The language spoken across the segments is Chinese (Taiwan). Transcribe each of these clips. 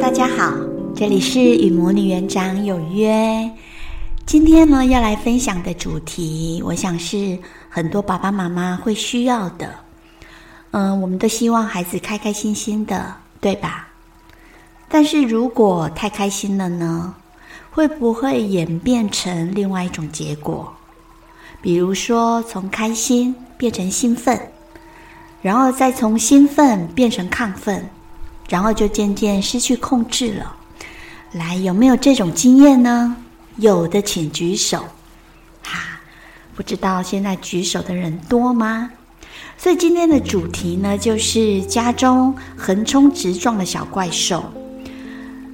大家好，這裡是與魔女園長有約。今天呢，要來分享的主題，我想是很多爸爸媽媽會需要的。嗯，我們都希望孩子開開心心的，對吧？但是如果太開心了呢，會不會演變成另外一種結果？比如說，從開心變成興奮，然後再從興奮變成亢奮。然後就漸漸失去控制了。來，有沒有這種經驗呢？有的，請舉手。哈、啊，不知道現在舉手的人多嗎？所以今天的主題呢，就是家中橫衝直撞的小怪獸。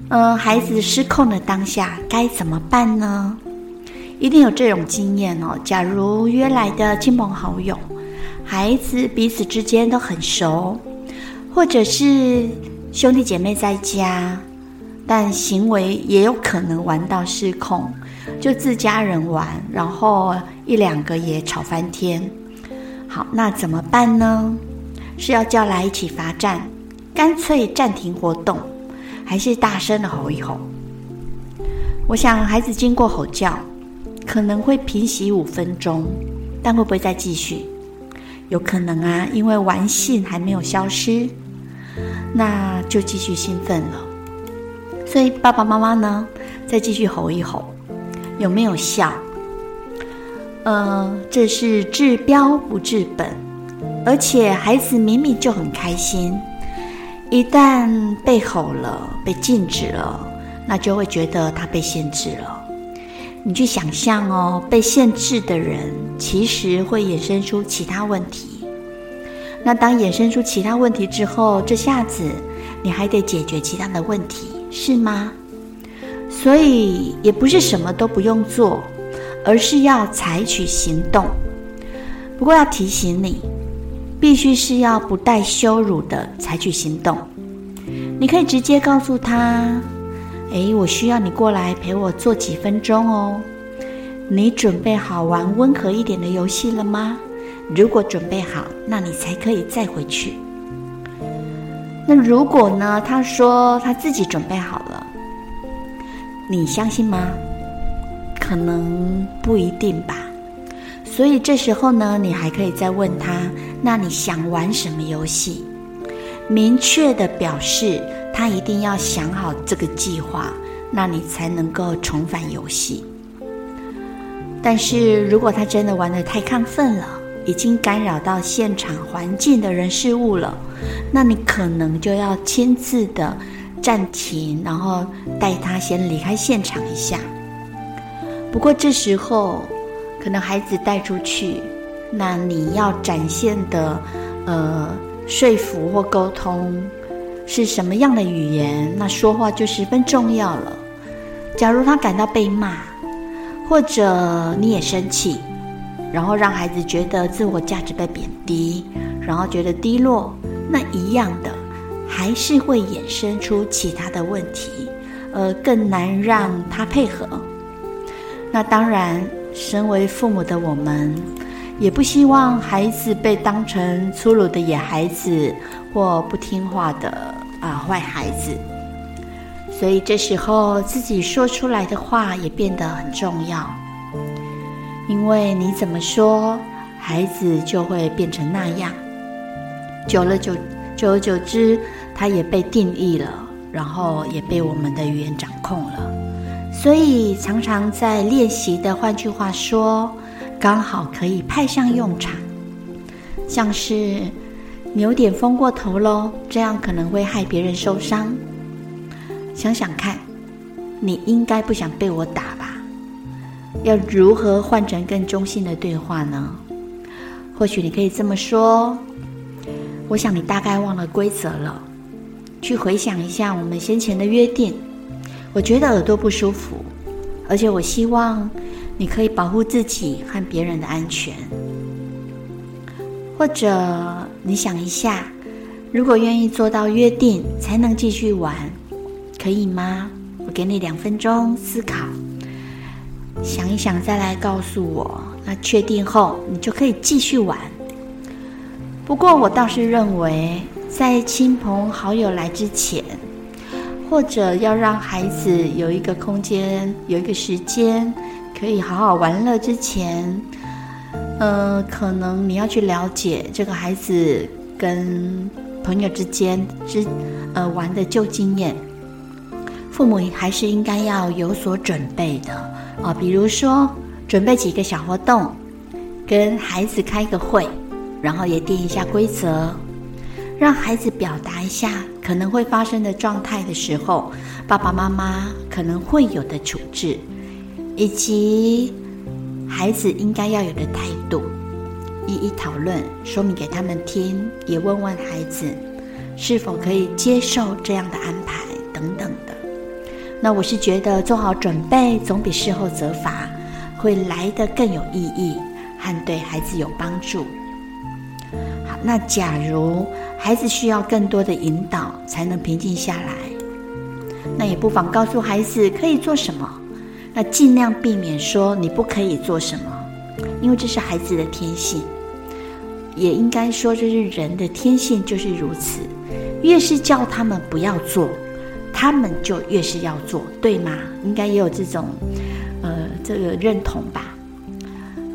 嗯、呃，孩子失控的當下該怎麼辦呢？一定有這種經驗哦。假如約來的親朋好友，孩子彼此之間都很熟，或者是。兄弟姐妹在家，但行為也有可能玩到失控，就自家人玩，然後一兩個也吵翻天。好，那怎麼辦呢？是要叫來一起罰站，乾脆暫停活動，還是大聲的吼一吼？我想孩子經過吼叫，可能會平息五分鐘，但會不會再繼續？有可能啊，因為玩性還沒有消失。那就繼續興奮了，所以爸爸媽媽呢，再繼續吼一吼，有沒有效？呃，這是治標不治本，而且孩子明明就很開心，一旦被吼了、被禁止了，那就會覺得他被限制了。你去想象哦，被限制的人其實會衍生出其他問題。那當衍生出其他問題之後，這下子你還得解決其他的問題，是嗎？所以也不是什麼都不用做，而是要採取行動。不過要提醒你，必須是要不帶羞辱的採取行動。你可以直接告訴他：“哎，我需要你過來陪我坐幾分鐘哦，你準備好玩溫和一點的遊戲了嗎？”如果準備好，那你才可以再回去。那如果呢？他說他自己準備好了，你相信嗎？可能不一定吧。所以這時候呢，你還可以再問他：那你想玩什麼遊戲？明確地表示他一定要想好這個計劃，那你才能夠重返遊戲。但是如果他真的玩得太亢奮了，已經干擾到現場環境的人事物了，那你可能就要親自的暫停，然後帶他先離開現場一下。不過這時候，可能孩子帶出去，那你要展現的，呃，說服或溝通是什麼樣的語言，那說話就十分重要了。假如他感到被罵，或者你也生氣。然後讓孩子覺得自我價值被貶低，然後覺得低落，那一樣的還是會衍生出其他的問題，而更難讓他配合。那當然，身為父母的我們，也不希望孩子被當成粗魯的野孩子或不聽話的啊壞孩子，所以這時候自己說出來的話也變得很重要。因為你怎麼說，孩子就會變成那樣。久了久，久而久之，他也被定義了，然後也被我們的語言掌控了。所以常常在練習的，換句話說，剛好可以派上用場。像是你有點瘋過頭嘍，這樣可能會害別人受傷。想想看，你應該不想被我打吧？要如何換成更中性的對話呢？或許你可以這麼說，我想你大概忘了規則了。去回想一下我們先前的約定。我覺得耳朵不舒服，而且我希望你可以保護自己和別人的安全。或者你想一下，如果願意做到約定，才能繼續玩，可以嗎？我給你兩分鐘思考。想一想，再來告訴我。那確定後，你就可以繼續玩。不過，我倒是認為，在親朋好友來之前，或者要讓孩子有一個空間、有一個時間，可以好好玩樂之前，嗯、呃，可能你要去了解這個孩子跟朋友之間之呃玩的舊經驗。父母還是應該要有所準備的，哦、啊，比如說準備幾個小活動，跟孩子開個會，然後也定一下規則，讓孩子表達一下可能會發生的狀態的時候，爸爸媽媽可能會有的處置，以及孩子應該要有的態度，一一討論，說明給他們聽，也問問孩子是否可以接受這樣的安排等等。那我是覺得做好準備，總比事後責罰會來得更有意義，和對孩子有幫助。好，那假如孩子需要更多的引導才能平靜下來，那也不妨告訴孩子可以做什麼。那盡量避免說你不可以做什麼，因為這是孩子的天性，也應該說這是人的天性，就是如此。越是叫他們不要做。他們就越是要做，對嗎？應該也有這種，呃，這個認同吧。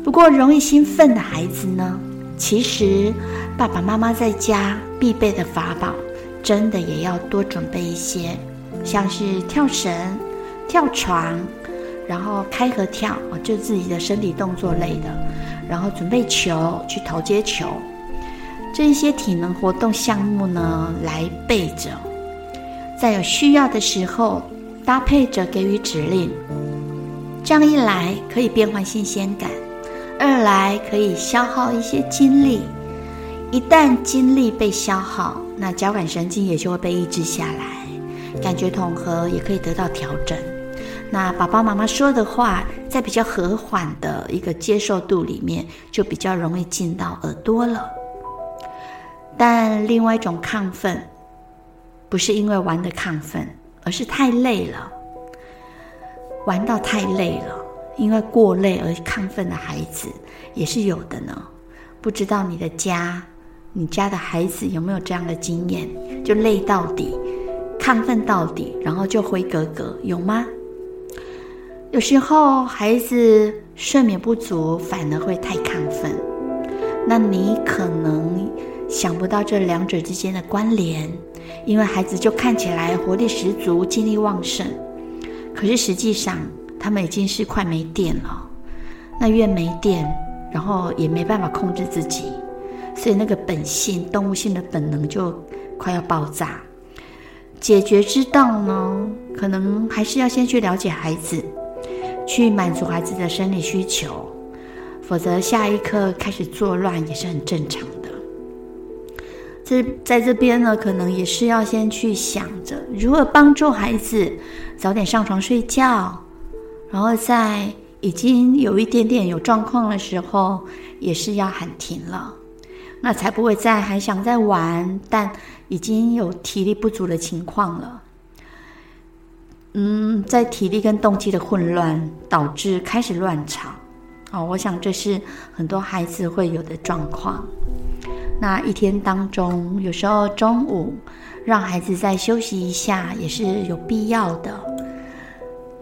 不過容易興奮的孩子呢，其實爸爸媽媽在家必備的法寶，真的也要多準備一些，像是跳繩、跳床，然後開合跳，就自己的身體動作類的，然後準備球去投接球，這一些體能活動項目呢，來備着。在有需要的時候，搭配着給予指令，這樣一來可以變換新鮮感，二來可以消耗一些精力。一旦精力被消耗，那交感神經也就會被抑制下來，感覺統合也可以得到調整。那爸爸媽媽說的話，在比較和緩的一個接受度裡面，就比較容易進到耳朵了。但另外一種亢奮。不是因為玩得亢奮，而是太累了。玩到太累了，因為過累而亢奮的孩子也是有的呢。不知道你的家，你家的孩子有沒有這樣的經驗？就累到底，亢奮到底，然後就灰格格，有嗎？有時候孩子睡眠不足反而會太亢奮，那你可能想不到這兩者之間的關聯。因為孩子就看起來活力十足、精力旺盛，可是實際上他們已經是快沒電了。那越沒電，然後也沒辦法控制自己，所以那個本性、動物性的本能就快要爆炸。解決之道呢，可能還是要先去了解孩子，去滿足孩子的生理需求，否則下一刻開始作亂也是很正常。這在這邊呢，可能也是要先去想着如何幫助孩子早點上床睡覺，然後在已經有一點點有狀況的時候，也是要喊停了，那才不會再還想再玩，但已經有體力不足的情況了。嗯，在體力跟動機的混亂導致開始亂吵，哦，我想這是很多孩子會有的狀況。那一天當中，有時候中午讓孩子再休息一下也是有必要的。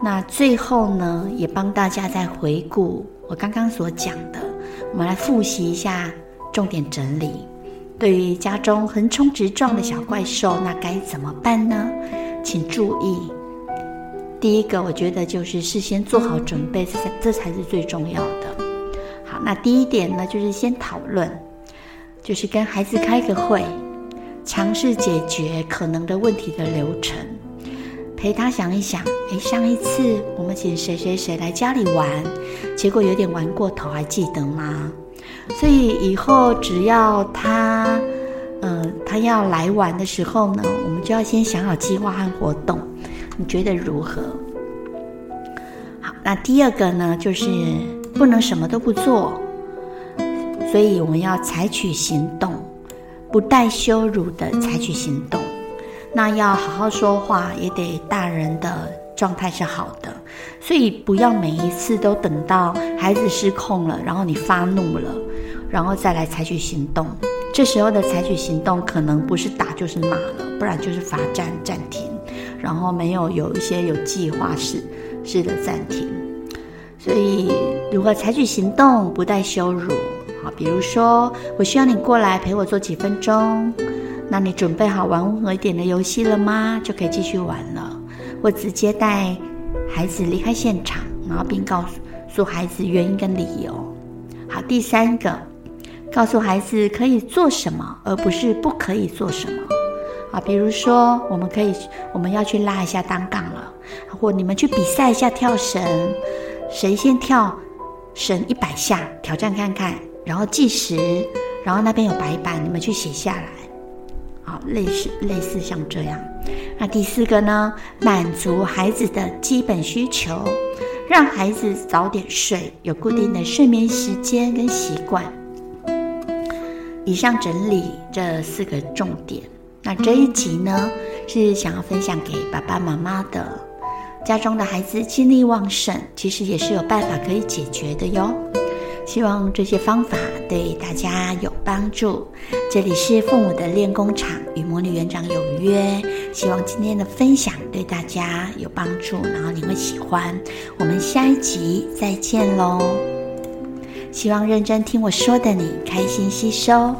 那最後呢，也幫大家再回顧我剛剛所講的，我們來複習一下，重點整理。對於家中橫衝直撞的小怪獸，那該怎麼辦呢？請注意，第一個，我覺得就是事先做好準備，這才這才是最重要的。好，那第一點呢，就是先討論。就是跟孩子開個會，嘗試解決可能的問題的流程，陪他想一想。哎，上一次我們請誰誰誰來家裡玩，結果有點玩過頭，還記得嗎？所以以後只要他，嗯、呃，他要來玩的時候呢，我們就要先想好計劃和活動。你覺得如何？好，那第二個呢，就是不能什麼都不做。所以我們要採取行動，不帶羞辱的採取行動。那要好好說話，也得大人的狀態是好的。所以不要每一次都等到孩子失控了，然後你發怒了，然後再來採取行動。這時候的採取行動可能不是打就是罵了，不然就是罰站暫停，然後沒有有一些有計劃式式的暫停。所以如何採取行動不帶羞辱？好，比如說，我需要你過來陪我做幾分鐘，那你準備好玩溫和一點的遊戲了嗎？就可以繼續玩了。或直接帶孩子離開現場，然後並告訴孩子原因跟理由。好，第三個，告訴孩子可以做什麼，而不是不可以做什麼。啊，比如說，我們可以我們要去拉一下單槓了，或你們去比賽一下跳繩，誰先跳繩一百下，挑戰看看。然後計時，然後那邊有白板，你們去寫下來，好，類似類似像這樣。那第四個呢，滿足孩子的基本需求，讓孩子早點睡，有固定的睡眠時間跟習慣。以上整理這四個重點。那這一集呢，是想要分享給爸爸媽媽的，家中的孩子精力旺盛，其實也是有辦法可以解決的喲。希望這些方法對大家有幫助。這裡是父母的練功場，與魔女園長有約。希望今天的分享對大家有幫助，然後你會喜歡。我們下一集再見嘍！希望認真聽我說的你，開心吸收。